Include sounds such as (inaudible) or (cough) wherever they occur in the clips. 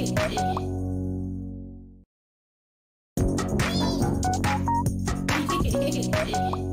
Thank (laughs) you.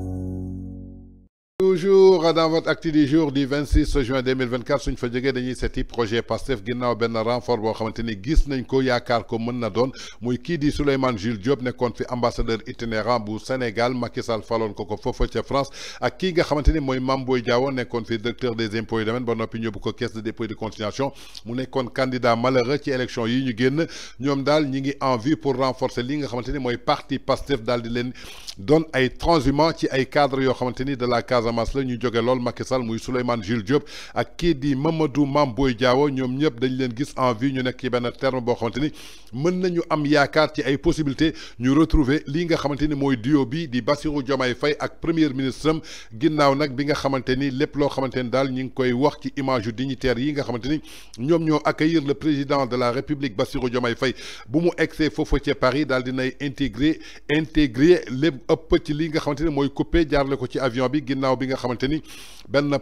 toujours dans votre acte du jour du 26 juin 2024 suñ fa jógee dañuy seeti projet PASTEF ginnaw ben renfort bo xamanteni gis nañ ko yaakaar ko mën na doon muy ki di Souleymane Jules Diop nekkoon fi ambassadeur itinérant bu Sénégal Macky Sall falon ko ko fofu ci France ak ki nga xamanteni moy Mamboy Diawo Boye fi directeur des impôts et domaines ba noppi ñëbbu ko caisse de dépôt de continuation. mu nekkoon candidat malheureux ci élection yi ñu génn ñom dal ñi ngi en vue pour renforcer li nga xamanteni moy parti PASTEF dal di len doon ay transhumants ci ay cadres yo xamanteni de la Casamance France la ñu jóge lool Macky Sall muy Souleymane Jules Diop ak kii di Mamadou Mamboy Diawo ñom ñep dañ leen gis en vue ñu nek ci ben terme bo xamanteni ni mën nañu am yaakaar ci ay possibilité ñu retrouver li nga xamanteni moy mooy duo bi di Bassirou Diomaye Faye ak premier ministre ginnaw nak bi nga xamanteni lepp lo xamanteni dal ñing koy wax ci image yu dignitaire yi nga xamanteni ñom ñoo accueillir le président de la République Bassirou Diomaye Faye bu mu egsee fofu ci Paris dal dinay intégré intégré lepp ëpp ci li nga xamanteni moy mooy coupé jaarale ko ci avion bi ginnaw bi nga nga ni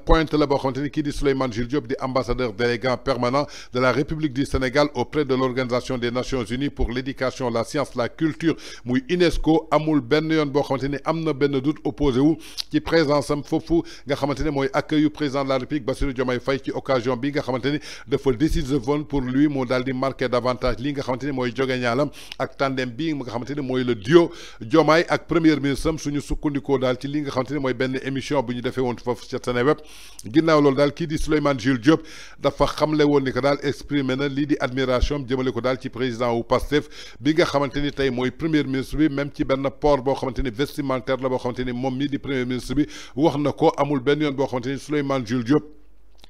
pointe la boo ni di ambassadeur délégué permanent de la République du Sénégal auprès de l'Organisation des Nations Unies pour l'éducation la science la culture mouy UNESCO Amoul Ben yoon bo xamante ni am ben doute opposé wu qui présence am foofu nga xamante moy accueil président de la République Bassirou Diomaye Faye ci occasion bi nga xamante ni pour lui mo daal di davantage li nga xamante moy jogé ñalam ak tandem bi nga le duo Diomaye ak premier ministre sous suñu sukkandikoo daal ci li nga émission defee woon foofu ca Seneweb ginnaaw loolu daal kii di Souleymane Jules Diop dafa xamle woon ni ko daal exprime na lii di admiration am jëmale ko daal ci président wu Pastef bi nga xamante ni tey mooy premier ministre bi même ci benn port boo xamante ni vestimentaire la boo xamante ni moom mii di premier ministre bi wax na ko amul benn yoon boo xamante ni Souleymane Jules Diop.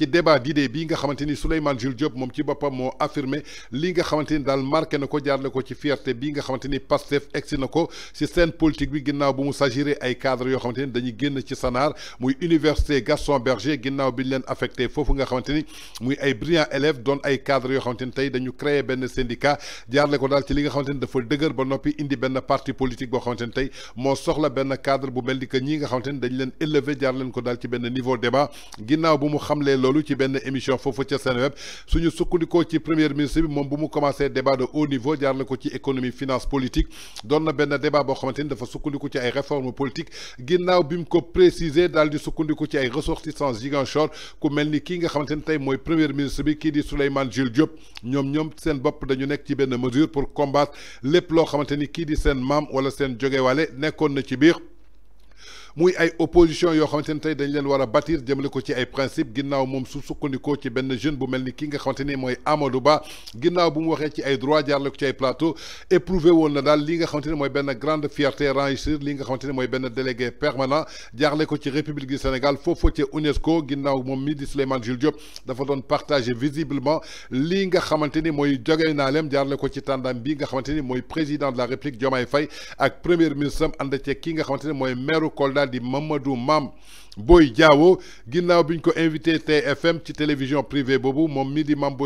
ci débat d'idée bi nga xamante ni Souleymane Jules Diop moom ci boppam moo affirmé li nga xamante ni daal marqué na ko ko ci fierté bi nga xamante ni Pastef egsi na ko ci scène politique bi ginnaaw bu mu sagiré ay cadres yoo xamante ni dañuy génn ci Sanaar muy université Gaston Berger ginnaaw bi leen affecté foofu nga xamante ni muy ay brillant élèves doon ay cadres yoo xamante ni tey dañu créé benn syndicat jaarle ko daal ci li nga xamante ni dafa dëgër ba noppi indi benn parti politique boo xamante ni tey moo soxla benn cadre bu mel ni que ñii nga xamante ni dañ leen élevé jaar leen ko daal ci benn niveau débat ginnaaw bu mu xamlee loolu loolu ci ben émission ci sen web suñu sukkandikoo ci premier ministre bi mom bu mu commencé débat de haut niveau jaar nako ci économie finance politique don na ben débat bo xamanteni dafa sukkandiku ci ay réformes politiques ginnaw bim ko préciser daal di sukkandiku ci ay ressortissants Ziguinchor ku melni ki nga xamanteni tay moy premier ministre bi ki di Souleymane Jules Diop ñom ñoom seen bopp dañu nek ci ben mesure pour combattre lepp lo xamanteni ki di sen mam wala seen walé nekkoon na ci biir muy ay opposition yo xamanteni tay dañ leen war a bâtir jëmale ko ci ay principe ginnaaw moom su sukkandikoo ci benn jeune bu mel ni ki nga xamante ni mooy Amadou Ba ginnaaw bu mu waxee ci ay droit jaarale ko ci ay plateau éprouvé woon na daal li nga xamante ni mooy benn grande fierté enrichir li nga xamante ni mooy benn délégué permanent jaarale ko ci République du Sénégal foofu ci UNESCO ginnaaw moom midi di Souleymane Jules Diop dafa doon partagé visiblement li nga xamante ni mooy jógee naa leen ko ci tàndam bi nga xamante ni mooy président de la République Diomaye Faye ak premier ministre am ànd ceeg ki nga xamante ni mooy maire Kolda di Mamadou Mam Boy Diawo ginnaw biñ invité TFM ci télévision privée bobu mon mi di Mam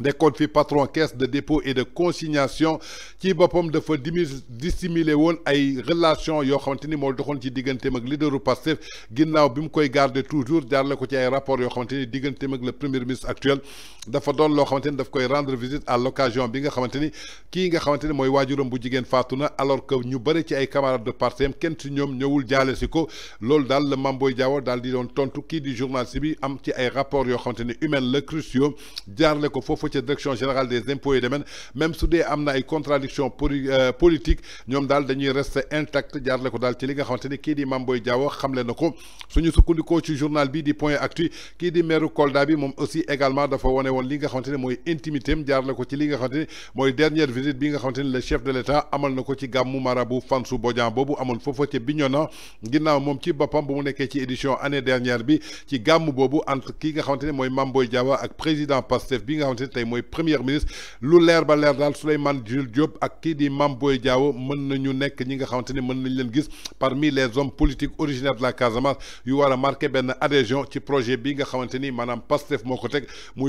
des comptes fi patron caisse de dépôt et de consignation ci bopom dafa dimi dissimulé woon ay relation yo xamanteni mo moo ci digganteem ak leaderu Pastef ginnaaw bi mu koy garder toujours jaarale ko ci ay rapport yo xamanteni ni digganteem ak le premier ministre actuel dafa don lo xamanteni daf koy rendre visite à l'occasion bi nga xamanteni ki nga xamanteni moy wajurum bu jigen faatu alors que ñu bari ci ay camarades de parti am kenn ci ñom ñewul jaale ci ko lol dal le mamboy Boye dal di don tontu ki di journaliste bi am ci ay rapports yo xamanteni ni le la ko foofu direction générale des impôts et mêmes même su dee am na ay contradiction euh, politique ñoom daal dañuy rester intact jaarale ko daal ci li nga xamante ni kii di Mame diawo Diao xamle na ko suñu sukkandikoo ci journal bi di Point Actu kii di meeru Kolda bi aussi également dafa wane woon li nga xamante ni mooy intimité am jaarale ko ci li nga xamante ni dernière visite bi nga xamante le chef de l'État amal na ko ci gàmmu marabu fansu Bodian boobu amoon foofa ca Bignona ginnaaw moom ci boppam bu mu nekkee ci édition année dernière bi ci gàmmu boobu entre ki nga xamante ni mooy Mame président ak président Pastef bi nga et moi, premier ministre lu leer ba leer dal Souleymane gil Diop ak ki di Mame Diao mën nañu nek ñi nga nañ gis parmi les hommes politiques originaires de la Casamance yu y Ben marqué adhésion ci projet bi nga xamanteni ni moui Pastef moko tek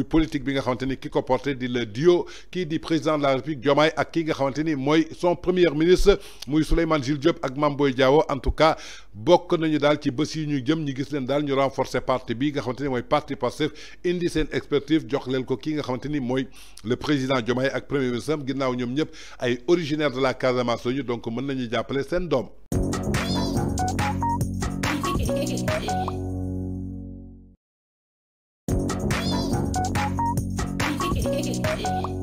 politique bi nga xamanteni ni ki di le duo qui dit président de la République Diomaye ak ki nga xamanteni ni son premier ministre muy Souleymane gil Diop ak mambo et Diao en tout cas bokk nañu dal ci bés yi ñu jëm ñu gis leen dal ñu renforcer parti bi nga xamanteni moy parti Pastef indi sen expertise jox leen ko ki nga le président de ak premier ministre originaire de la Casamance donc on appelé (laughs)